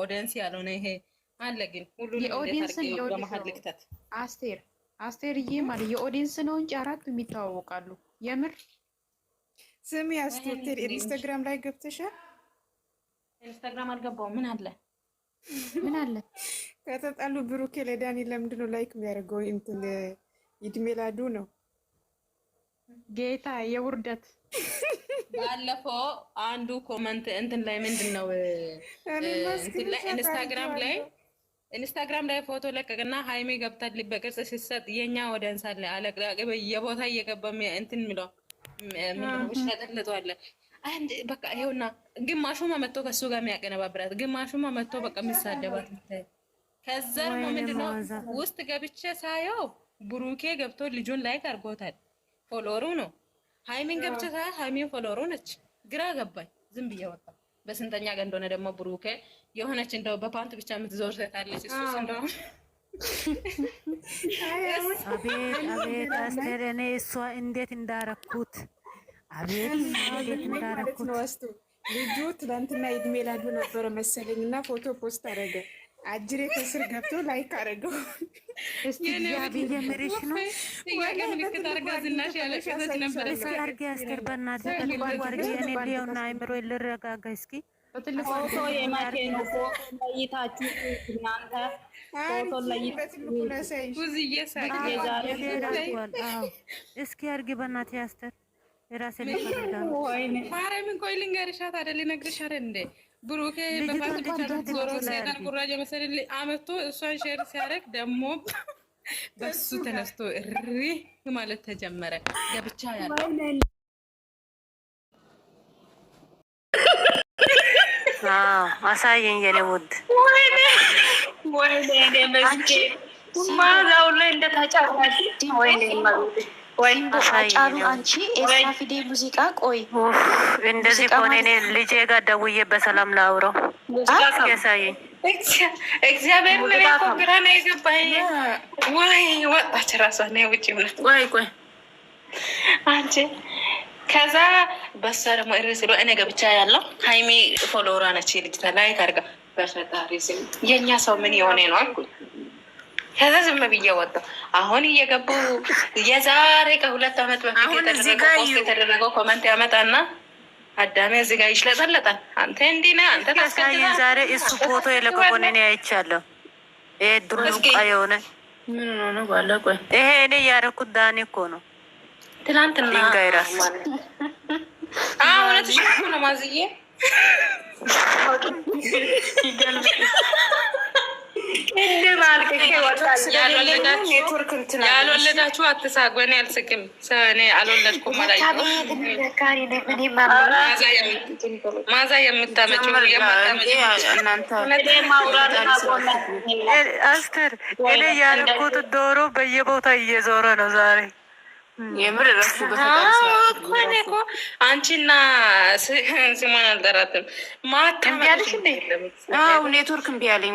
ኦዲየንስ ያልሆነ ይሄ አለ ግን ሁሉ ለመሀል አስቴር አስቴርዬ ማለት የኦዲየንስ ነው እንጂ አራቱ የሚተዋወቃሉ። የምር ስሚ አስቴር ኢንስታግራም ላይ ገብተሻል? ኢንስታግራም አልገባውም። ምን አለ ምን አለ ከተጣሉ ብሩኬ ለዳኒ ለምንድን ነው ላይክ የሚያደርገው? እንትን ይድሜላዱ ነው ጌታ የውርደት ባለፈው አንዱ ኮመንት እንትን ላይ ምንድን ነው ኢንስታግራም ላይ ኢንስታግራም ላይ ፎቶ ለቀቅና ሀይሜ ገብታ በቅርጽ ሲሰጥ የኛ ወደ እንሳለ አለቅላቅበ የቦታ እየገባ እንትን ምለው ሸጠልጠዋለ አንድ በቃ ይኸውና፣ ግማሹማ መጥቶ ከሱ ጋር የሚያቀነባብራት ግማሹማ መጥቶ በቃ የሚሳደባት ምታይ። ከዛ ደግሞ ምንድነው ውስጥ ገብቼ ሳየው ብሩኬ ገብቶ ልጁን ላይክ አድርጎታል። ፎሎወሩ ነው ሃይሚን ገብቼ ሳያት ሃይሚን ፎሎሮ ነች። ግራ ገባኝ። ዝም ብዬ ወጣ። በስንተኛ ቀን እንደሆነ ደግሞ ብሩኬ የሆነች እንደው በፓንት ብቻ የምትዞር ሴት አለች። እሱስ እንደው አቤት አቤት አስቴር፣ እኔ እሷ እንዴት እንዳረኩት አቤት ልጁ ትላንትና ልጁ ትናንትና ነበረ መሰለኝ እና ፎቶ ፖስት አደረገ አጅሬ ከስር ገብቶ ላይክ አደረገው። የምሬሽ ነው አድርጌ አስቴር በእናትህ አድርጌ እኔ ልየውና አይምሮ ልረጋጋ እስኪ እስኪ አድርጌ በእናትህ አስቴር የራሴ ማርያምን ቆይ ልንገርሻት አይደል ነግርሻት እንዴ ብሩኬ በፋሚሊ ቻናል ዞሮ ቁራጅ መሰል አመቶ እሷን ሼር ሲያደርግ ደግሞ በሱ ተነስቶ እሪ ማለት ተጀመረ። ገብቻ ያለ አሳየኝ የኔ ውድ ወይኔ ወይኔ፣ ማዛው ላይ እንደተጫራሽ ወይኔ ወይም አንቺ ኤስራፊዴ ሙዚቃ ቆይ፣ እንደዚህ ከሆነ እኔ ልጄ ጋር ደውዬ በሰላም ላውረው ያሳይ። እግዚአብሔር ከዛ በሳ ደግሞ እሪ ስሎ እኔ ገብቻ ያለው ሀይሚ ፎሎወሯ ነች ልጅ ተላይ ካርጋ በፈጣሪ ስም የእኛ ሰው ምን የሆነ ነው አልኩኝ። ከዛ ዝም ብዬ ወጣሁ። አሁን እየገቡ የዛሬ ከሁለት ዓመት በፊት የተደረገው ኮመንት ያመጣና አዳሜ እዚህ ጋር ይሽለጠለጣል። አንተ እንዲህ ነህ አንተ ታስቀድማለህ። ዛሬ እሱ ፎቶ የለቀቆን እኔ አይቻለሁ። ይሄ ድሩቃ የሆነ ምን ሆነ ባለ ቆይ ይሄ እኔ ያደረኩት ዳኔ እኮ ነው። ትናንትና ድንጋይ ራስ እውነትሽ ነው ማዝዬ ያልወለዳችሁ አትሳቁ። እኔ አልስቅም። እኔ አልወለድኩም። ማዛ የምታመጪው አስተር፣ እኔ ያልኩት ዶሮ በየቦታ እየዞረ ነው ዛሬ የምር ራሱ እኮ አንቺና ስሟን አልጠራትም። ኔትወርክ እምቢ አለኝ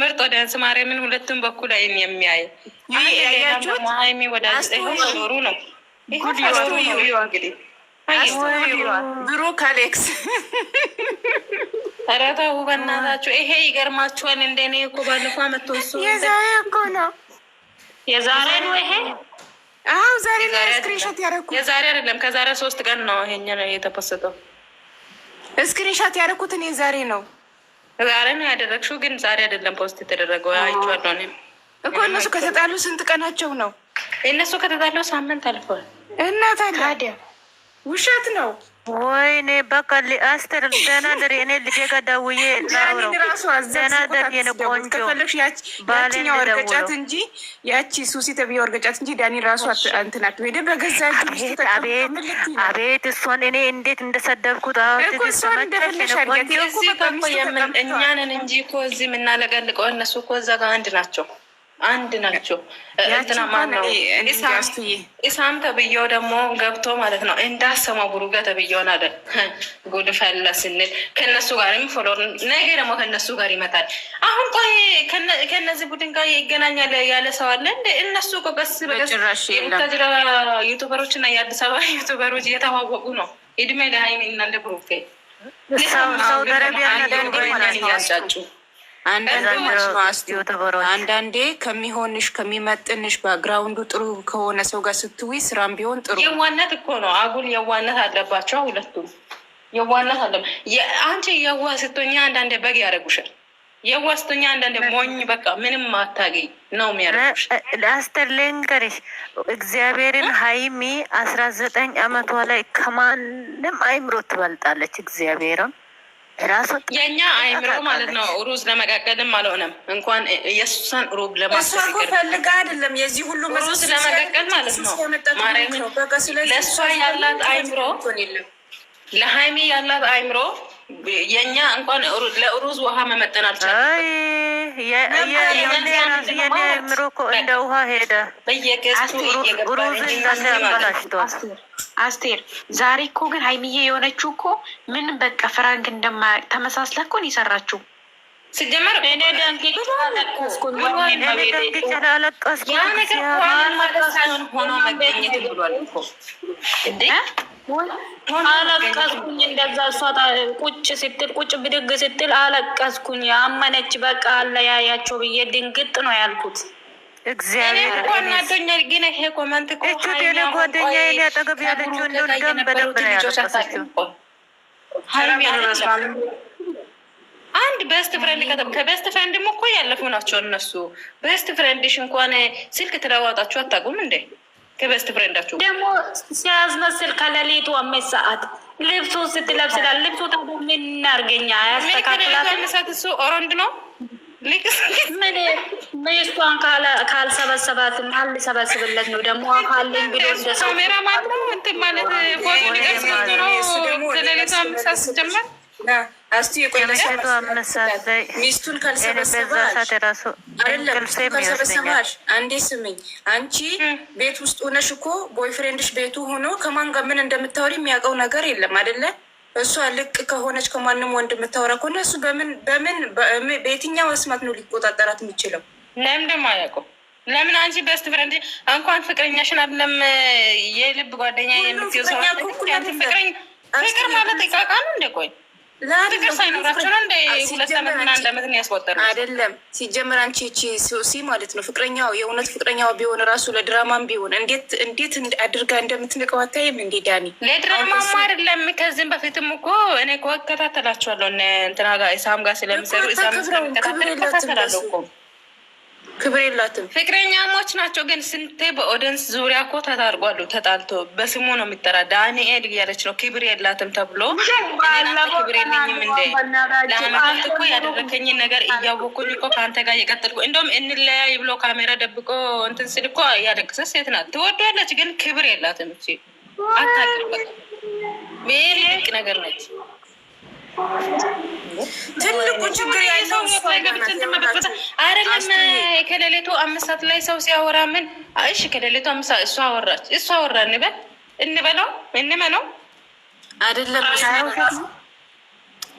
ምርጥ ወዳንስ ማርያምን ሁለቱም በኩል አይን የሚያይ ሀይሚ ኖሩ ነው። ኧረ ተው በእናታችሁ፣ ይሄ ይገርማችኋል። እንደኔ እኮ ባለፈው መቶ እሱ የዛሬ እኮ ነው የዛሬ ነው ይሄ ዛሬ ነው ስክሪንሾት ያደረኩት። የዛሬ አይደለም ከዛሬ ሶስት ቀን ነው ይሄኛ ነው እስክሪንሻት ያደረኩት እኔ ዛሬ ነው። ዛሬ ነው ያደረግሽው? ግን ዛሬ አይደለም ፖስት የተደረገው። አይቼዋለሁ እኔም እኮ እነሱ ከተጣሉ ስንት ቀናቸው ነው? እነሱ ከተጣሉ ሳምንት አልፈዋል። እና ታዲያ ውሸት ነው። ወይኔ በቃ አስተር ደህና ደሪ። እኔ ልጄ ጋር ደውዬ ደህና ደሪ የኔ ቆንጆ ባሌን ደወልኩ እንጂ ያቺ ሱሲ ተብዬ ወርገጫት እንጂ ዳኒ ራሱ እንትን አትሄደ በገዛ አቤት አቤት። እሷን እኔ እንዴት እንደሰደብኩት እኛንን እንጂ እኮ እዚህ የምናለቀልቀው እነሱ እኮ እዛ ጋር አንድ ናቸው። አንድ ናቸው። እንትና ማነው ኢሳም ተብዬው ደግሞ ገብቶ ማለት ነው እንዳሰማ ቡሩጋ ተብዬውን አለ ጉድ ፈላ ስንል ከነሱ ጋር ፎሎር ነገ ደግሞ ከነሱ ጋር ይመጣል። አሁን ቆይ ከነዚህ ቡድን ጋር ይገናኛል ያለ ሰው አለ እንደ እነሱ እኮ ቀስ በቀስ የምታጅራ ዩቱበሮች እና የአዲስ አበባ ዩቱበሮች እየተዋወቁ ነው። እድሜ ለሀይሚና ለብሩኬ ሳውዲ አረቢያ ያጫጩ አንዳንዴ ከሚሆንሽ ከሚመጥንሽ ባግራውንዱ ጥሩ ከሆነ ሰው ጋር ስትዊ ስራም ቢሆን ጥሩ። የዋነት እኮ ነው፣ አጉል የዋነት አለባቸው ሁለቱም። የዋነት አለ አንቺ የዋ ስቶኛ አንዳንዴ በግ ያደረጉሻል። የዋ ስቶኛ አንዳንዴ ሞኝ በቃ ምንም አታገኝ ነው የሚያደርጉሽ። ለአስተር ልንገርሽ እግዚአብሔርን ሀይሚ አስራ ዘጠኝ አመቷ ላይ ከማንም አይምሮ ትበልጣለች እግዚአብሔርም ራሱ የእኛ አይምሮ ማለት ነው። ሩዝ ለመቀቀልም አልሆነም እንኳን የሱሳን ሩብ ለማስፈልጋ አይደለም የዚህ ሁሉ ሩዝ ለመቀቀል ማለት ነው። ለእሷ ያላት አይምሮ ለሀይሜ ያላት አይምሮ የእኛ እንኳን ለሩዝ ውሃ መመጠን አልቻለም። የምሮ እኮ እንደ ውሃ ሄደ። አስቴር ዛሬ እኮ ግን ሀይሚዬ የሆነችው እኮ ምን በቃ ፍራንክ እንደማ ተመሳስላ እኮ ነው የሰራችው። ስጀመር እኔ ደንግጬ አለቀስኩኝ። ያ ነገር ሆኖ መገኘት ብሏል እኮ አለቀስኩኝ። እንደዛ እሷ ቁጭ ስትል ቁጭ ብድግ ስትል አለቀስኩኝ። አመነች በቃ አለያያቸው ብዬ ድንግጥ ነው ያልኩት። አንድ በስት ፍሬንድ ከበስት ፍሬንድ እኮ ያለፉ ናቸው እነሱ። በስት ፍሬንድሽ እንኳን ስልክ ትለዋጣችሁ አታውቁም እንዴ? ከበስት ፍሬንዳችሁ ደግሞ ሲያስመስል ከሌሊቱ አምስት ሰዓት ልብሱ ስትለብስላል። ልብሱ ደግሞ ምን እናርገኛ ያስተካክላልሳት እሱ ኦረንድ ነው። ምን ሚስቷን ካልሰበሰባት ማን ሊሰበስብለት ነው? ደግሞ ካልን ብሎ ካሜራ ማለት ነው እንትን ማለት ፎቶ ሊቀርስ ነው ስለሌላ ምሳስ ጀመር ሚስቱን ካልሰበሰባሽ፣ አንዴ ስምኝ። አንቺ ቤት ውስጥ ሆነሽ እኮ ቦይፍሬንድሽ ቤቱ ሆኖ ከማን ጋር ምን እንደምታወሪ የሚያውቀው ነገር የለም አይደለ? እሷ ልቅ ከሆነች ከማንም ወንድ የምታወራ ከሆነ እሱ በምን በምን በየትኛው መስማት ነው ሊቆጣጠራት የሚችለው? ለምንድን አያውቀው? ለምን አንቺ ቤስት ፍሬንድ እንኳን ፍቅረኛሽን አይደለም የልብ ጓደኛ የምትይው ሰው ፍቅር ማለት ይቃቃሉ እንደ ቆይ ፍቅር አይደለም። ሲጀመር አንቺ ቺ ሲ ማለት ነው ፍቅረኛው የእውነት ፍቅረኛው ቢሆን ራሱ ለድራማም ቢሆን እንዴት እንዴት አድርጋ እንደምትንቀው አታይም እንዴ ዳኒ? ለድራማማ አይደለም። ከዚህም በፊትም እኮ እኔ እኮ እከታተላቸዋለሁ እንትና ጋር ኢሳም ጋር ስለሚሰሩ ኢሳም ስለሚከታተል እከታተላለሁ እኮ ክብር የላትም። ፍቅረኛሞች ናቸው፣ ግን ስንቴ በኦደንስ ዙሪያ እኮ ተታርጓሉ። ተጣልቶ በስሙ ነው የሚጠራ። ዳንኤል እያለች ነው ክብር የላትም ተብሎ ክብር የለኝም እንደ ለአመታት እኮ ያደረከኝን ነገር እያወኩኝ እኮ ከአንተ ጋር እየቀጠልኩ እንደውም እንለያይ ብሎ ካሜራ ደብቆ እንትን ስል እኮ ያለቀሰ ሴት ናት። ትወዷለች፣ ግን ክብር የላትም። አታቅርበት። ይህ ነገር ነች። ትልቁ ችግር ያለው አይደለም። ከሌሊቱ አምስት ሰዓት ላይ ሰው ሲያወራ ምን እሺ፣ ከሌሊቱ አምስት ሰዓት እሱ አወራች እሱ አወራ እንበል እንበለው እንመነው አይደለም።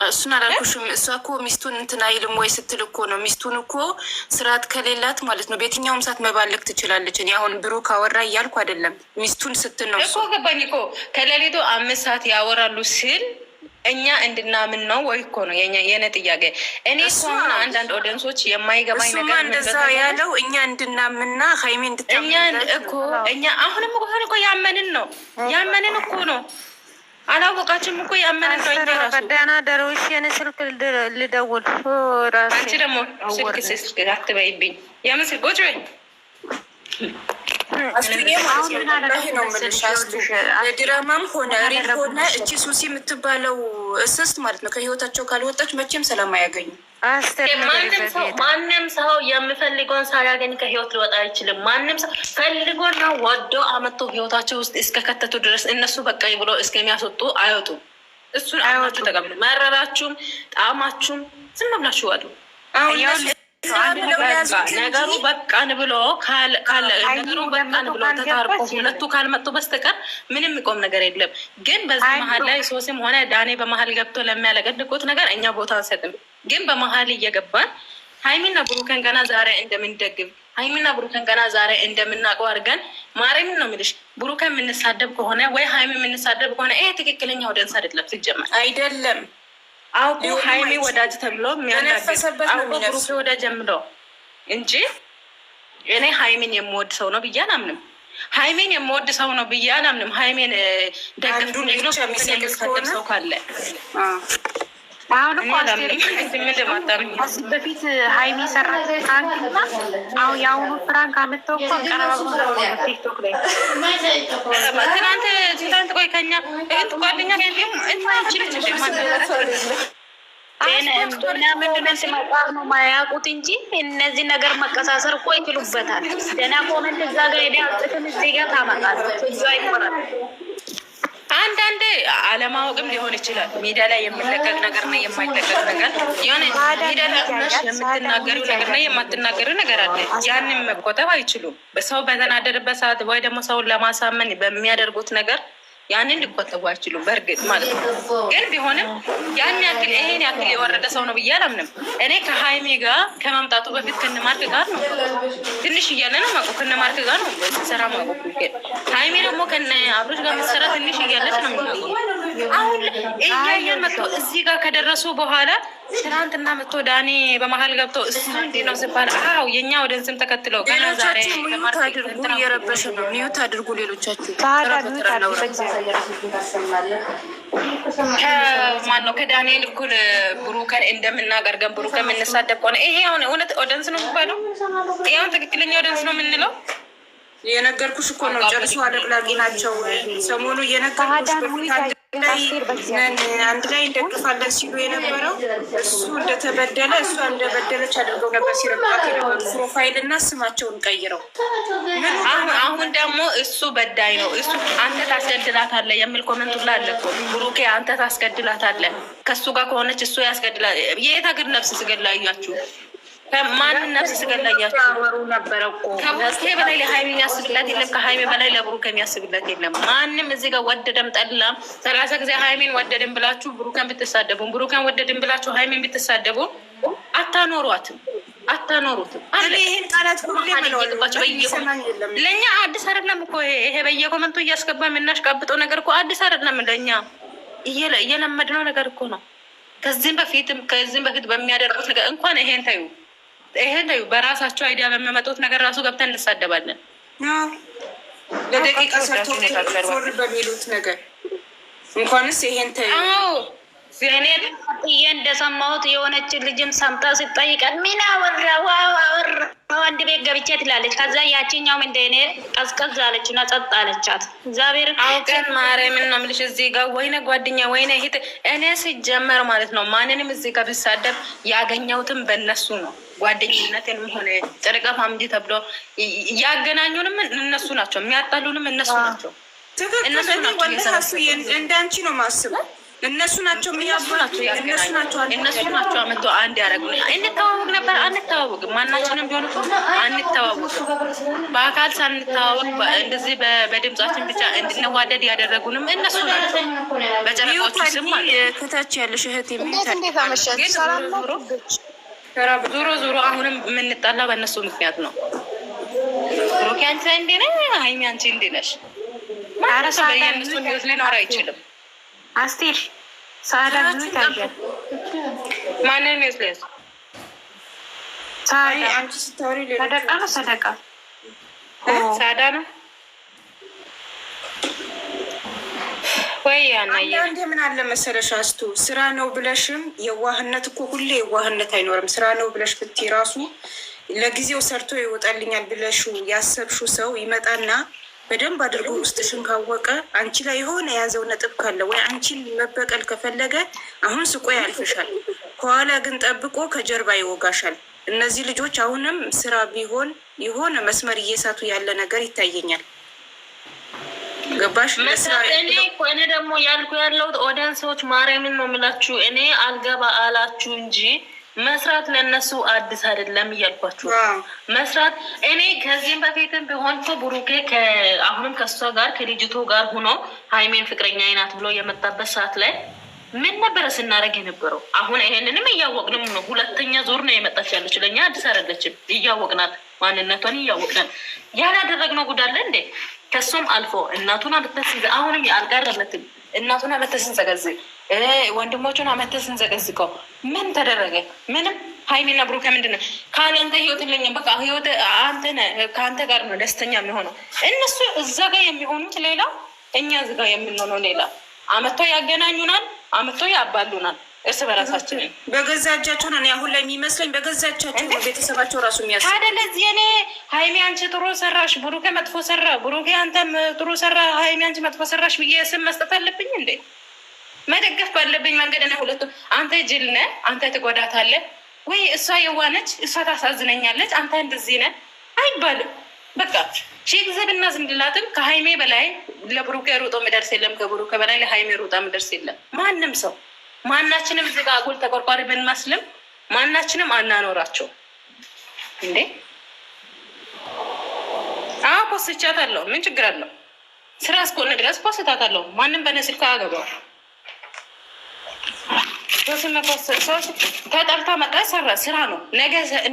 እሱን አላልኩሽም። እሷ እኮ ሚስቱን እንትን አይልም ወይ ስትል እኮ ነው። ሚስቱን እኮ ስርዓት ከሌላት ማለት ነው በየትኛውም ሰዓት መባለቅ ትችላለች። እኔ አሁን ብሩ ካወራ እያልኩ አይደለም። ሚስቱን ስትል ነው እኮ ገባኝ እኮ ከሌሊቱ አምስት ሰዓት ያወራሉ ስል እኛ እንድናምን ነው ወይ እኮ ነው የእኔ ጥያቄ። እኔ ሆን አንዳንድ ኦደንሶች የማይገባኝ ነገር እንደዛ ያለው እኛ እንድናምንና ሀይሜ እንድታእኛ እኮ እኛ አሁንም ሆን እኮ ያመንን ነው ያመንን እኮ ነው አላወቃችሁም እኮ ያመንን ነው። እኛ ራሱ ደህና ደሮሽ የኔ ስልክ ልደውል ራሱ አንቺ ደግሞ ስልክ ስልክ አትበይብኝ የምን ስልክ ቁጭ በይ ድራማም ሆነ ሪል ሆነ እቺ ሱሲ የምትባለው እስስት ማለት ነው ከህይወታቸው ካልወጣች መቼም ሰላም አያገኙ። ማንም ሰው የምፈልገውን ሳያገኝ ከህይወት ሊወጣ አይችልም። ማንም ሰው ፈልጎና ወዶ አመቶ ህይወታቸው ውስጥ እስከከተቱ ድረስ እነሱ በቃኝ ብሎ እስከሚያስወጡ አይወጡም። እሱን አይወጡ ተቀብሉ። መረራችሁም ጣዕማችሁም ዝም ብላችሁ ዋሉ። ነገሩ በቃን ብሎ ነገሩ በቃን ብሎ ተታርቆ ሁለቱ ካልመጡ በስተቀር ምንም የሚቆም ነገር የለም። ግን በዚህ መሀል ላይ ሶስም ሆነ ዳኔ በመሀል ገብቶ ለሚያለገድቁት ነገር እኛ ቦታ አንሰጥም። ግን በመሀል እየገባን ሀይሚና ብሩከን ገና ዛሬ እንደምንደግም ሀይሚና ብሩከን ገና ዛሬ እንደምናውቀው አድርገን ማርያምን ነው የምልሽ። ብሩከን የምንሳደብ ከሆነ ወይ ሀይሚ የምንሳደብ ከሆነ ይሄ ትክክለኛ ወደንስ አይደለም። ትጀመር አይደለም አውቁ ሀይሚ ወዳጅ ተብሎ የሚያናገሩ ወደ ወዳጅ ጀምሮ እንጂ እኔ ሀይሚን የምወድ ሰው ነው ብዬ አላምንም። ሀይሜን የምወድ ሰው ነው ብዬ አላምንም። ሀይሜን ደግፍ ብሎ ሰው ካለ አሁን እኮ በፊት ሀይሚ ሰራ ፍራንክ እና አሁን የአሁኑ ፍራንክ አመተው እኮ ቀረባ ትናንት ትናንት ቆይ ከኛ ጓደኛ ማያውቁት እንጂ እነዚህ ነገር መቀሳሰር እኮ ይችሉበታል። ደህና ከሆነ እዛ ጋር ሄዳ እዚህ ጋር ታመጣለች። አንዳንዴ አለማወቅም ሊሆን ይችላል። ሚዲያ ላይ የምለቀቅ ነገር ነገርና የማይለቀቅ ነገር የሆነ ሚዲያ ላይ የምትናገሪው ነገርና የማትናገሪው ነገር አለ። ያንን መቆጠብ አይችሉም። በሰው በተናደደበት ሰዓት ወይ ደግሞ ሰውን ለማሳመን በሚያደርጉት ነገር ያንን ሊቆጠቡ አይችሉም። በእርግጥ ማለት ነው። ግን ቢሆንም ያን ያክል ይሄን ያክል የወረደ ሰው ነው ብዬ አላምንም። እኔ ከሀይሜ ጋር ከመምጣቱ በፊት ከነማርክ ጋር ነው ትንሽ እያለ ነው ማቁ ከነማርክ ጋር ነው ስሰራ ማቆ። ሀይሜ ደግሞ ከነ አብሮች ጋር መሰራ ትንሽ እያለች ነው የምናቆ አሁን እያየን መጥቶ እዚህ ጋር ከደረሱ በኋላ ትናንትና መጥቶ ዳኔ በመሀል ገብቶ እሱ እንዲህ ነው ሲባል አዎ የእኛ ወደንስም ተከትለው ሌሎቻችሁ እየረበሽ ነው። ሚዩት አድርጉ ሌሎቻችሁ። ማነው ከዳንኤል እኩል ብሩከን እንደምናገርገን ብሩከን የምንሳደብ ከሆነ ይሄ አሁን እውነት ወደንስ ነው የሚባለው? ይሄ ትክክለኛ ወደንስ ነው የምንለው? የነገርኩሽ እኮ ነው። ጨርሶ አለቅላቂ ናቸው። ሰሞኑ እየነገርኩሽ አንድ ላይ እንደግፋለን ሲሉ የነበረው እሱ እንደተበደለ እሷ እንደበደለች አድርገው ነበር ሲረባት ፕሮፋይል እና ስማቸውን ቀይረው። አሁን ደግሞ እሱ በዳይ ነው እሱ አንተ ታስገድላታለህ የሚል ኮመንት ሁላ አለ ብሩኬ፣ አንተ ታስገድላታለህ ከእሱ ጋር ከሆነች እሱ ያስገድላል። የት ሀገር ነፍስ ስገላያችሁ ማንን ነፍስ ስገላያችሁ ከቦስቴ በላይ ለሀይሚ የሚያስብላት የለም። ከሀይሚ በላይ የለም። ማንም እዚህ ጋር ወደደም ጠላም ሰላሳ ጊዜ ሀይሚን ወደድን ብላችሁ ብሩከን ብትሳደቡም ብሩከን ወደድን ብላችሁ ሀይሚን ብትሳደቡም አታኖሯትም፣ አታኖሩትም። ለእኛ አዲስ አይደለም እኮ ይሄ በየኮመንቱ እያስገባ የምናሽቃብጠው ነገር እኮ አዲስ አይደለም ለእኛ እየለመድነው ነገር እኮ ነው። ከዚህም በፊትም ከዚህም በፊት በሚያደርጉት ነገር እንኳን ይሄን ታዩ ይሄን በራሳቸው አይዲያ በሚያመጡት ነገር ራሱ ገብተን እንሳደባለን። ለደቂቃ ሰርቶ በሚሉት ነገር እንኳንስ ይሄን ተ እኔ ጥዬ እንደሰማሁት የሆነች ልጅም ሰምታ ስጠይቀን ምን አወራ አወራ አንድ ቤት ገብቼ ትላለች። ከዛ ያችኛውም እንደ እኔ ቀዝቀዝ አለች እና ጸጥ አለቻት። እግዚአብሔር አውቀን ማርያምን ነው የምልሽ። እዚህ ጋር ወይነ ጓደኛ ወይነ ሂት እኔ ሲጀመር ማለት ነው ማንንም እዚህ ጋር ብሳደብ ያገኘሁትም በእነሱ ነው። ጓደኝነትንም ሆነ ጨረቃ ፋሚሊ ተብሎ ያገናኙንም እነሱ ናቸው፣ የሚያጣሉንም እነሱ ናቸው። ትክክል። እኔ ወንደ እንዳንቺ ነው ማስበው እነሱ ናቸው የሚያዙ ናቸው። እነሱ ናቸው እነሱ ናቸው አመቶ አንድ ያደረጉ እንተዋወቅ ነበር አንተዋወቅም። ማናችንም ቢሆን አንተዋወቅም። በአካል ሳንተዋወቅ እንደዚህ በድምጻችን ብቻ እንድንዋደድ ያደረጉንም እነሱ ናቸው። በጨረቃዎቹ ስም ከታች ያለሽ እህት ዞሮ ዞሮ አሁንም የምንጣላ በእነሱ ምክንያት ነው። ሮኪ አንቺ እንዴ ነሽ? ሀይሚ አንቺ እንዴ ነሽ? ማረሰ በየነሱ ሊኖር አይችልም። አስቴር ሳዳ ብዙ ይታያል። ማንን ያስለያዝ ሰደቃ ነው ሰደቃ ሳዳ ነው ወይ? አንዳንዴ ምን አለ መሰለሽ አስቱ ስራ ነው ብለሽም የዋህነት እኮ ሁሌ የዋህነት አይኖርም። ስራ ነው ብለሽ ብትይ ራሱ ለጊዜው ሰርቶ ይወጣልኛል ብለሹ ሰው ይመጣና በደንብ አድርጎ ውስጥሽን ካወቀ አንቺ ላይ የሆነ የያዘው ነጥብ ካለ ወይ አንቺን መበቀል ከፈለገ አሁን ስቆ ያልፍሻል። ከኋላ ግን ጠብቆ ከጀርባ ይወጋሻል። እነዚህ ልጆች አሁንም ስራ ቢሆን የሆነ መስመር እየሳቱ ያለ ነገር ይታየኛል። ገባሽ? እኔ እኔ ደግሞ ያልኩ ያለው ኦዲየንሶች ማርያምን ነው የምላችሁ። እኔ አልገባ አላችሁ እንጂ መስራት ለእነሱ አዲስ አይደለም እያልኳችሁ መስራት እኔ ከዚህም በፊትም ቢሆን እኮ ብሩኬ አሁንም ከእሷ ጋር ከልጅቱ ጋር ሁኖ ሀይሜን ፍቅረኛ አይናት ብሎ የመጣበት ሰዓት ላይ ምን ነበረ ስናደርግ የነበረው? አሁን ይሄንንም እያወቅንም ነው። ሁለተኛ ዙር ነው የመጣች ያለች፣ ለእኛ አዲስ አይደለችም። እያወቅናት ማንነቷን እያወቅናት ያላደረግነው ጉዳለ እንዴ ከሱም አልፎ እናቱን አልተስ አሁንም የአልጋ አይደለትም እናቱን አመተ ስንዘገዝግ ወንድሞቹን አመተ ስንዘገዝቀው ምን ተደረገ? ምንም። ሀይሚና ብሩክ ምንድን ነው ከአንተ ህይወት የለኝም፣ በቃ ህይወት ከአንተ ጋር ነው ደስተኛ የሚሆነው። እነሱ እዛ ጋር የሚሆኑት ሌላ፣ እኛ እዚህ ጋር የምንሆነው ሌላ። አመቶ ያገናኙናል፣ አመቶ ያባሉናል። እርስ በራሳችን በገዛ እጃቸው ነው። አሁን ላይ የሚመስለኝ በገዛ እጃቸው ቤተሰባቸው ራሱ የሚያስ ታደ ለዚህ እኔ ሀይሚ አንቺ ጥሩ ሰራሽ፣ ብሩኬ መጥፎ ሰራ፣ ብሩኬ አንተም ጥሩ ሰራ፣ ሀይሚ አንቺ መጥፎ ሰራሽ ብዬ ስም መስጠት አለብኝ እንዴ? መደገፍ ባለብኝ መንገድ ነ ሁለቱ አንተ ጅል ነ አንተ ትጎዳታለህ ወይ እሷ የዋነች፣ እሷ ታሳዝነኛለች፣ አንተ እንደዚህ ነ አይባልም። በቃ ሺህ ጊዜ ብናዝንላትም ከሀይሜ በላይ ለብሩኬ ሩጦ ምደርስ የለም፣ ከብሩኬ በላይ ለሀይሜ ሩጣ ምደርስ የለም ማንም ሰው ማናችንም እዚህ ጋ አጉል ተቆርቋሪ ብንመስልም ማናችንም አናኖራቸው እንዴ። አ አለው። ምን ችግር አለው? ስራ እስከሆነ ድረስ ፖስታታለሁ። ማንም በእኔ ስልክ አያገባውም። ሰዎች ተጠርታ መጣ ሰራ ስራ ነው።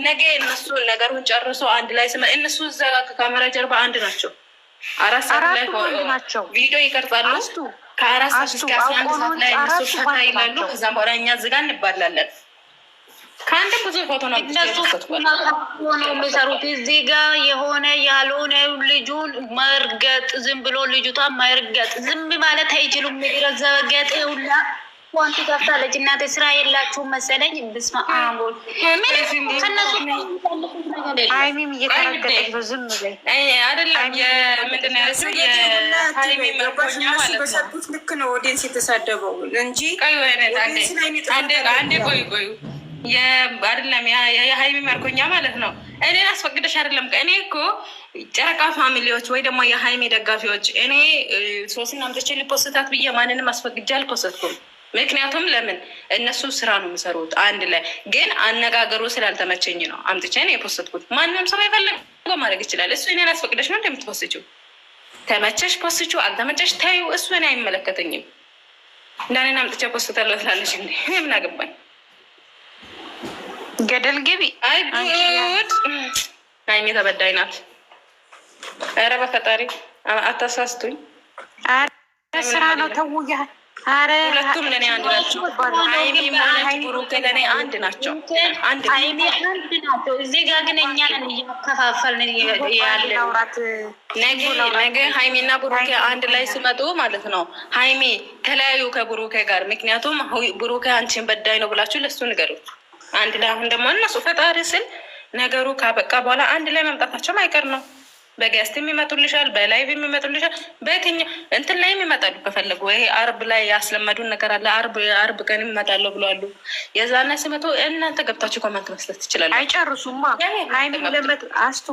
ነገ እነሱ ነገሩን ጨርሶ አንድ ላይ እነሱ እዛ ከካሜራ ጀርባ አንድ ናቸው። አራት ሰዓት ላይ ናቸው ቪዲዮ ይቀርጻሉ። ከአራት ሰዓት እስከ አስራ አንድ ሰዓት ላይ እነሱ ፈታ ይላሉ። ከዛም በኋላ እኛ ዝጋ እንባላለን። ከአንድም ብዙ ፎቶ ነው የሚሰሩት። እዚህ ጋ የሆነ ያልሆነ ልጁን መርገጥ ዝም ብሎ ልጅቷ መርገጥ ዝም ማለት አይችሉም። ረዘገጥ ሁላ ኳንቲ ታፍታለች። ለጭናት ስራ የላችሁም መሰለኝ። ብስማ አቦል አይሚም እየተረገጠች አይደለም። ልክ ነው ኦዲየንስ የተሳደበው እንጂ አንዴ ቆይ ቆዩ። አይደለም የሀይሚ መርኮኛ ማለት ነው። እኔ አስፈቅደሽ አይደለም። እኔ እኮ ጨረቃ ፋሚሊዎች ወይ ደግሞ የሀይሚ ደጋፊዎች እኔ ሶስና ምቶች ልፖስታት ብዬ ማንንም አስፈቅጃ አልኮሰትኩም። ምክንያቱም ለምን እነሱ ስራ ነው የሚሰሩት አንድ ላይ ግን አነጋገሩ ስላልተመቸኝ ነው አምጥቼን የፖስትኩት። ማንም ሰው የፈለገው ማድረግ ይችላል። እሱ እኔን አስፈቅደሽ ነው እንደምትፖስችው። ተመቸሽ ፖስችው አልተመቸሽ ተዩ እሱ እኔ አይመለከተኝም። እንዳኔን አምጥቼ ፖስታለሁ ትላለች። እንዲ ምን አገባኝ? ገደል ግቢ። አይጉድ ጉድ! ሀይሚ ተበዳይ ናት። ኧረ በፈጣሪ አታሳስቱኝ። ስራ ነው ተውያል ሁለቱም ለእኔ አንድ ናቸው። ሀይሚ ብሩክ ለእኔ አንድ ናቸው። አንድ ሀይሚ አንድ ናቸው። እዚህ ግን እኛ እያከፋፈልን ነገ ነገ ሀይሚና ብሩኬ አንድ ላይ ሲመጡ ማለት ነው። ሀይሚ ተለያዩ ከብሩኬ ጋር ምክንያቱም ብሩኬ አንቺን በዳይ ነው ብላችሁ ለሱ አንድ ላይ አሁን ደግሞ እነሱ ፈጣሪ ስል ነገሩ ካበቃ በኋላ አንድ ላይ መምጣታቸው አይቀር ነው። በገስትም የሚመጡልሻል፣ በላይቭ የሚመጡልሻል፣ በየትኛው እንትን ላይም ይመጣሉ ከፈለጉ። ይሄ አርብ ላይ ያስለመዱን ነገር አለ። አርብ አርብ ቀን ይመጣለሁ ብሏሉ። የዛን ላይ ሲመጡ እናንተ ገብታችሁ ኮመንት መስለት ትችላለ። አይጨርሱማ ለመት አስቱ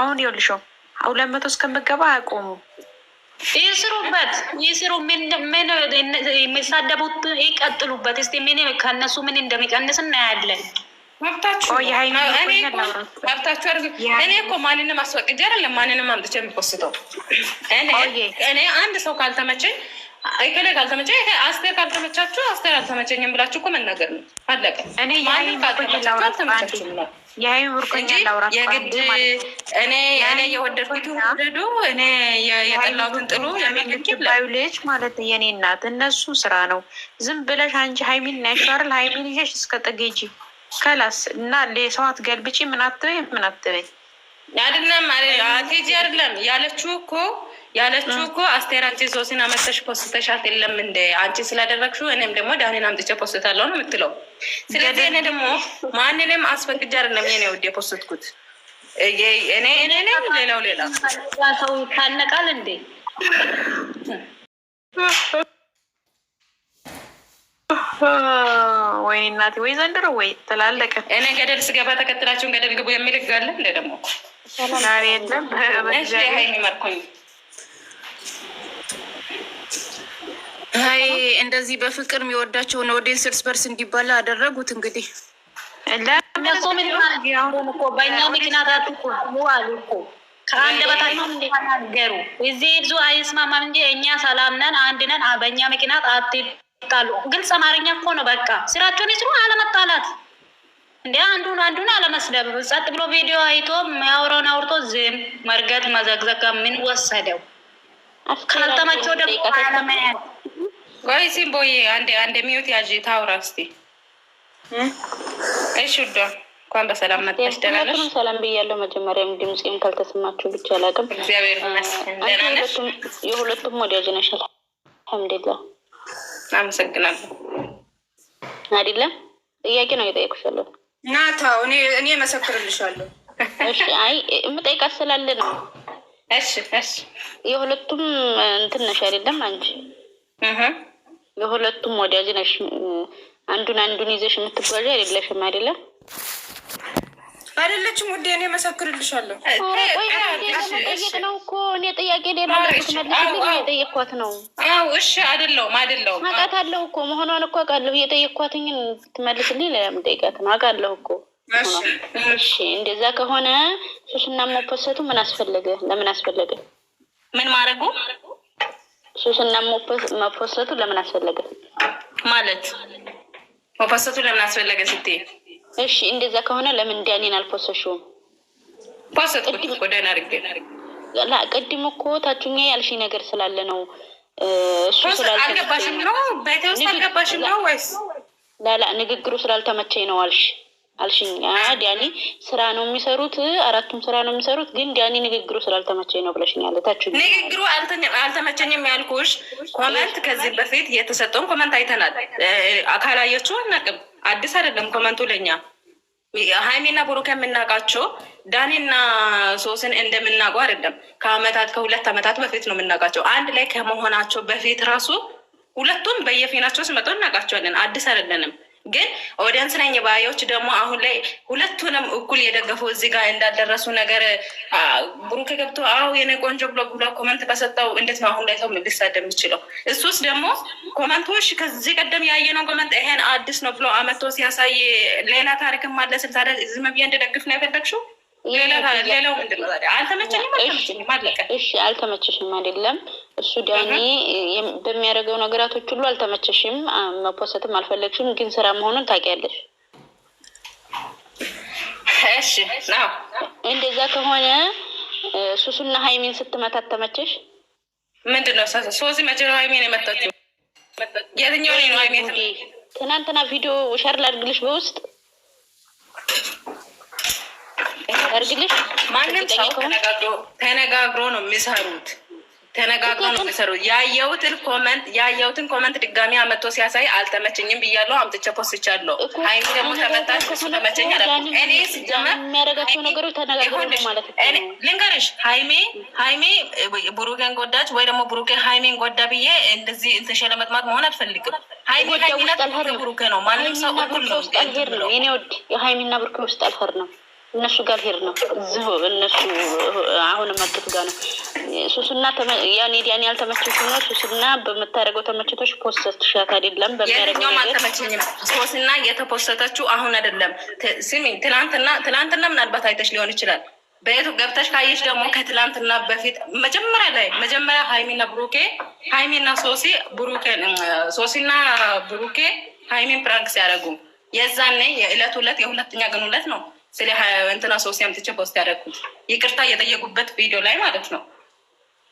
አሁን ይኸውልሽው ሁለት መቶ እስከምገባ አያቆሙ ይስሩበት ይስሩ። ምን ምን የሚሳደቡት ይቀጥሉበት። እስቲ ምን ከነሱ ምን እንደሚቀንስ እናያለን። መብታችሁ እኔ እኮ ማንንም አስፈቅጄ አይደለም ማንንም አምጥቼ የሚፖስተው እኔ አንድ ሰው ካልተመቸኝ አስቴር ካልተመቻችሁ አስቴር አልተመቸኝም ብላችሁ እኮ መናገር ነው። አለቀ። እኔ የግድ እኔ እኔ እኔ የጠላሁትን ጥሉ ልጅ ማለት የኔ እናት እነሱ ስራ ነው። ዝም ብለሽ አንቺ ሀይሚን ናሽራል ሀይሚን ይሸሽ እስከ ከላስ እና ለሰዋት ገልብጪ ምን አትበይ ምን አትበይ አይደለም አቴጂ አይደለም ያለችው እኮ ያለችው እኮ አስቴር አንቺ ሶሲን አመተሽ ፖስተሻት የለም እንደ አንቺ ስላደረግሽው እኔም ደግሞ ዳኔን አምጥቼ ፖስታለሁ ነው የምትለው። ስለዚህ እኔ ደግሞ ማንንም አስፈቅጄ አይደለም የኔ ውድ የፖስትኩት እኔ እኔ ሌላው ሌላ ሰው ይታነቃል እንዴ? ወይ እናቴ ወይ ዘንድሮ ወይ ተላለቀ። እኔ ገደል ስገባ ተከትላቸውን ገደል ግቡ የሚል ህግ አለ እንደ ደግሞ የለም። መርኩኝ አይ እንደዚህ በፍቅር የሚወዳቸውን ኦዲንስ እርስ በርስ እንዲባላ አደረጉት። እንግዲህ እነሱ ምን አሁን በእኛ ምክንያት አትቆሙ አሉ እኮ ከአንድ በታቸው ተናገሩ። እዚህ ብዙ አይስማማም እንጂ እኛ ሰላም ነን፣ አንድ ነን። በእኛ ምክንያት አትሄዱ ይጣሉ። ግልጽ አማርኛ እኮ ነው። በቃ ስራቸውን ይስሩ፣ አለመጣላት እንዲ አንዱን አንዱን አለመስደብ። ጸጥ ብሎ ቪዲዮ አይቶ የሚያወራውን አውርቶ ዝም መርገጥ፣ መዘግዘግ ምን ወሰደው? ካልተመቸው ደግሞ አለመያዝ። ቆይ ሲምቦዬ አንድ አንድ ሚዩት ያዥ ታውራ እስቲ። እሺ ውዷ እንኳን በሰላም መጣሽ። ደህና ነሽ? ሰላም ብያለሁ። መጀመሪያም ድምፄም ካልተሰማችሁ ብቻ አላውቅም። እግዚአብሔር ይመስገን። ደህና ነሽ? የሁለቱም ወዳጅ ነሽ? አልሐምዱሊላህ አመሰግናለሁ። አይደለም ጥያቄ ነው የጠየቁሽ ያለው ናታ እኔ መሰክርልሻለሁ። አይ የምጠይቃት ስላለ ነው። እሺ እሺ የሁለቱም እንትን ነሽ አይደለም? አንቺ የሁለቱም ወዳጅ ነሽ። አንዱን አንዱን ይዘሽ የምትጓዣ አይደለሽም አይደለም? አይደለችም ውዴ፣ እኔ መሰክርልሻለሁ። ጠይቅ ነው እኮ እኔ ጥያቄ ሌላ የጠየኳት ነው። አዎ እሺ፣ አይደለሁም አይደለሁም፣ አውቃታለሁ እኮ መሆኗን እኮ አውቃለሁ። የጠየኳትኝን ትመልስልኝ ለም የምጠይቃት ነው። አውቃለሁ እኮ እሺ። እንደዛ ከሆነ ሱስና መፖሰቱ ምን አስፈለገ? ለምን አስፈለገ? ምን ማድረጉ? ሱስና መፖሰቱ ለምን አስፈለገ? ማለት መፖሰቱ ለምን አስፈለገ ስትይ እሺ እንደዛ ከሆነ ለምን ዳኒን አልፖሰሽውም? ፖሰጥኩት እኮ ቅድም እኮ ታችኛ ያልሽ ነገር ስላለ ነው። እሱ ስላልገባሽም ነው ቤቴ ውስጥ አልገባሽም ነው ወይስ ላላ ንግግሩ ስላልተመቸኝ ነው አልሽ አልሽኝ። ዳኒ ስራ ነው የሚሰሩት፣ አራቱም ስራ ነው የሚሰሩት። ግን ዲያኒ ንግግሩ ስላልተመቸኝ ነው ብለሽኛል። ታች ንግግሩ አልተመቸኝም ያልኩሽ ኮመንት ከዚህ በፊት የተሰጠውን ኮመንት አይተናል። አካላየችው አናቅም አዲስ አይደለም ኮመንቱ ለኛ ሀይሜና ብሩክ የምናውቃቸው ዳኒና ሶስን እንደምናውቀው አይደለም። ከአመታት ከሁለት አመታት በፊት ነው የምናውቃቸው። አንድ ላይ ከመሆናቸው በፊት ራሱ ሁለቱም በየፊናቸው ስመጠው እናውቃቸዋለን። አዲስ አይደለንም። ግን ኦዲየንስ ነኝ ባዮች ደግሞ አሁን ላይ ሁለቱንም እኩል የደገፉ እዚህ ጋር እንዳደረሱ ነገር ብሩክ ገብቶ አሁ የኔ ቆንጆ ብሎ ብሎ ኮመንት ከሰጠው እንዴት ነው አሁን ላይ ሰው ሊሳደብ የሚችለው? እሱስ ደግሞ ኮመንቶች ከዚህ ቀደም ያየነው ኮመንት ይሄን አዲስ ነው ብሎ አመቶ ሲያሳይ ሌላ ታሪክም አለ ስል ታዲያ ዝም ብዬ እንድደግፍ ነው የፈለግሽው? ሌላው ምንድን ነው ታዲያ? አልተመቸኝም አልተመቸኝም አለቀ። እሺ አልተመቸሽም አይደለም እሱ ዳኒ በሚያደርገው ነገራቶች ሁሉ አልተመቸሽም፣ መፖሰትም አልፈለግሽም፣ ግን ስራ መሆኑን ታውቂያለሽ። እንደዛ ከሆነ ሱሱና ሀይሚን ስትመታት ተመቸሽ? ምንድን ነው ሶዚ መጀመ ሀይሚን የመጣች የትኛው ነው ሀይሚን? ትናንትና ቪዲዮ ሸር ላድርግልሽ በውስጥ ያርግልሽ። ማንም ሰው ተነጋግሮ ነው የሚሰሩት ተነጋግሮ ነው የሚሰሩ። ያየሁትን ኮመንት ያየሁትን ኮመንት ድጋሚ አመቶ ሲያሳይ አልተመቸኝም ብያለሁ። አምጥቼ ፖስቻለሁ። ሀይሚ ደግሞ ተመታች እሱ ተመቸኝ አለ። እኔ ነው። ልንገርሽ፣ ሀይሜ ሀይሜ ብሩኬን ጎዳች ወይ ደግሞ ብሩኬ ሀይሜን ጎዳ ብዬ እንደዚህ እንትሸ ለመጥማት መሆን አልፈልግም። ሀይሜ ሀይሚና ብሩኬ ነው። ማንም ሰው እኩል ነው። ሀይሜና ነው ብሩኬ ውስጥ አልፈር ነው እነሱ ጋር ልሄድ ነው። እዚሁ እነሱ አሁን መጡት ጋር ነው። ሱስና ያኔ ዲያን ያልተመቸሽ ሆኖ ሱስና በምታደርገው ተመችቶች ፖስተት ሻት አይደለም በሚያደርገው አልተመቸኝም። ሱስና የተፖስተተችው አሁን አይደለም። ስሚኝ፣ ትላንትና ትላንትና ምናልባት አይተሽ ሊሆን ይችላል። በየቱ ገብተሽ ካየሽ ደግሞ ከትላንትና በፊት መጀመሪያ ላይ መጀመሪያ ሀይሚና ብሩኬ ሀይሚና ሶሲ ብሩኬ ሶሲና ብሩኬ ሀይሚን ፕራንክ ሲያደርጉ የዛኔ የእለት ሁለት የሁለተኛ ግን ሁለት ነው ስለ እንትና ሶስት አምጥቼ ፖስት ያደረግኩት ይቅርታ እየጠየቁበት ቪዲዮ ላይ ማለት ነው።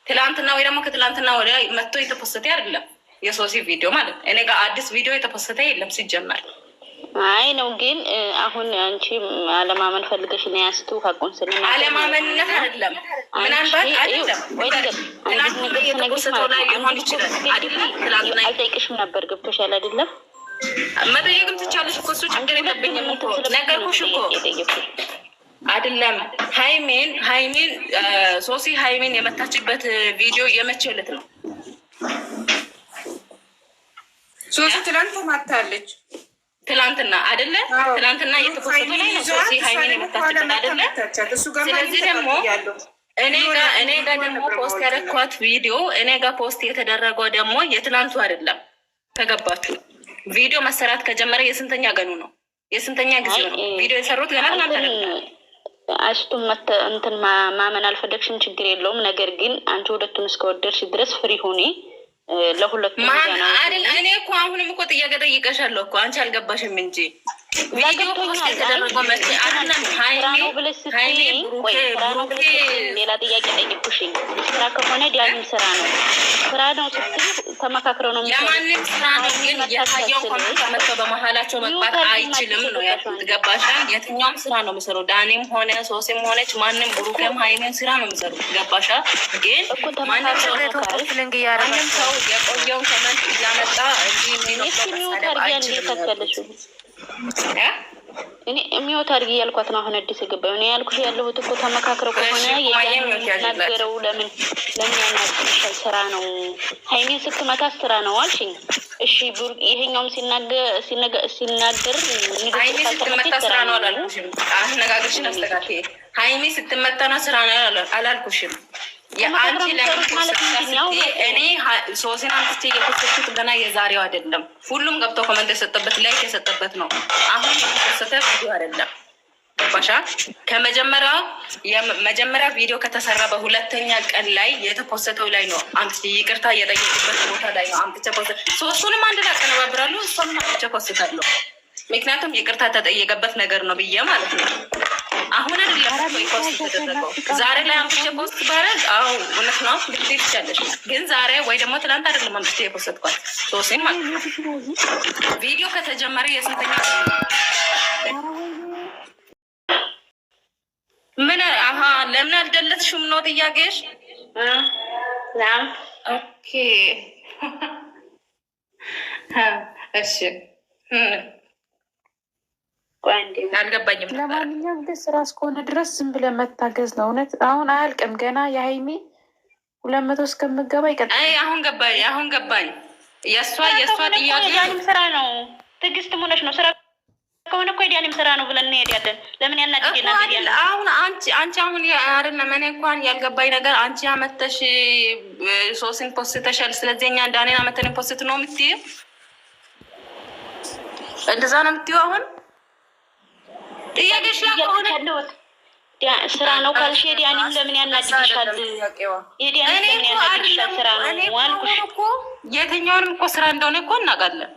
ትላንትና ወይ ደግሞ ከትላንትና ወደ መጥቶ የተፖሰተ አይደለም የሶሲ ቪዲዮ ማለት ነው። እኔ ጋር አዲስ ቪዲዮ የተፖሰተ የለም ሲጀመር። አይ ነው ግን አሁን አንቺ አለማመን ፈልገሽ ነው ያስቱ ሀቁን ስለ አለማመንነት አይደለም። ምናልባት አይደለም ትናንት የተፖሰተው ላይ ሊሆን ይችላል። አይጠይቅሽም ነበር ገብቶሻል አይደለም መጠየቅም ትቻለሽ እኮ እሱ ችግር የለብኝም እኮ ነገርኩሽ እኮ አይደለም። ሶሲ ሀይሜን የመታችበት ቪዲዮ የመቼ ዕለት ነው? ሶሲ ትላንት ማታለች። ትላንትና አይደለ? ትላንትና እየተኮሰቱ ላይ ነው ሶሲ ሀይሜን የመታችበት አይደለ? ስለዚህ ደግሞ እኔ ጋር እኔ ደግሞ ፖስት ያደረኳት ቪዲዮ እኔ ጋር ፖስት የተደረገው ደግሞ የትላንቱ አይደለም። ተገባችሁ? ቪዲዮ መሰራት ከጀመረ የስንተኛ ቀኑ ነው? የስንተኛ ጊዜ ነው? ቪዲዮ የሰሩት ገና አሽቱ እንትን ማመን አልፈለግሽም፣ ችግር የለውም። ነገር ግን አንቺ ሁለቱን እስከወደድሽ ድረስ ፍሪ ሆኔ ለሁለቱ ሁኔ አይደል? እኔ እኮ አሁንም እኮ ጥያቄ ጠይቀሻለሁ እኮ አንቺ አልገባሽም እንጂ ሌላ ጥያቄ ጠይቁሽ። ስራ ከሆነ ዲያንም ስራ ነው ስራ ነው ስትል ተመካክረው ነው። ለማንም ስራ ነው ግን የታየውን ኮሜንት መጥተው በመሀላቸው መግባት አይችልም ነው ያልኩት። ገባሽ? የትኛውም ስራ ነው የምሰሩት። ዳኔም ሆነ ሶሴም ሆነች ማንም ብሩኬም ሀይሜን ስራ ነው የምሰሩት። ገባሽ? ግን ማንም ሰው የቆየውን ኮሜንት እያመጣ ሚኖ እኔ የሚወት አድርጊ እያልኳት ነው። አሁን አዲስ ገባ ሆነ ያልኩሽ ያለሁት እኮ ተመካክረው ከሆነ የናገረው ለምን ለምን ያናግርሻል? ስራ ነው ሀይሜ ስትመታ ስራ ነው አልሽኝ። እሺ ይሄኛውም ሲናገር ስትመታ ስራ ነው አላልኩሽም። አነጋገርሽን አስተካክዬ ሀይሜ ስትመታ ነው ስራ ነው አላልኩሽም። የአንቺ ለእኔ ሶስን አንስቼ የኮሰችት ገና የዛሬው አይደለም። ሁሉም ገብቶ ኮመንት የሰጠበት ላይ የሰጠበት ነው። አሁን የተከሰተ ቪዲዮ አይደለም። ገባሻ? ከመጀመሪያ የመጀመሪያ ቪዲዮ ከተሰራ በሁለተኛ ቀን ላይ የተፖሰተው ላይ ነው። አንቺ ይቅርታ የጠየቁበት ቦታ ላይ ነው። አምጥቼ ፖስት ሶስቱንም አንድ ላይ አቀነባብራለሁ። እሷንም አምጥቼ ፖስታለሁ። ምክንያቱም ይቅርታ ተጠየቀበት ነገር ነው ብዬ ማለት ነው አሁን አይደለም ፖስት የተደረገው ዛሬ ላይ አምጥቼ ፖስት ባረግ፣ አዎ እውነት ነው ልክ ትችያለሽ። ግን ዛሬ ወይ ደግሞ ትናንት አይደለም አምጥቼ የፖስትኳት ሶሴን ማለት ነው። ቪዲዮ ከተጀመረ የስንተኛ ምን አሀ ለምን አልደለትሽም ነው ጥያቄሽ? ኦኬ እሺ አልገባኝም። ለማንኛውም ግን ስራ እስከሆነ ድረስ ዝም ብለህ መታገዝ ነው። እውነት አሁን አያልቅም። ገና የሀይሜ ሁለት መቶ እስከምገባ ይቀጥላል። አሁን ገባኝ፣ አሁን ገባኝ። የእሷ የእሷ ጥያቄ ስራ ነው። ትዕግስት ሙነሽ ነው ስራ ከሆነ እኮ ዲያንም ስራ ነው ብለን እንሄዳለን። ለምን ያናድድ? አሁን አንቺ አንቺ አሁን አይደለም እኔ እንኳን ያልገባኝ ነገር አንቺ አመተሽ ሶስን ፖስተሻል። ስለዚህ እኛ እንዳኔን አመተን ፖስት ነው የምትይው፣ እንደዛ ነው የምትይው አሁን ጥያቄሽ ስራ ነው ካልሽ የዲያኔም ለምን ያናድግሻል? የዲያኔም ለምን ያናድግሻል? ስራ ነው ዋልኩሽ። የትኛውንም እኮ ስራ እንደሆነ እኮ እናውቃለን።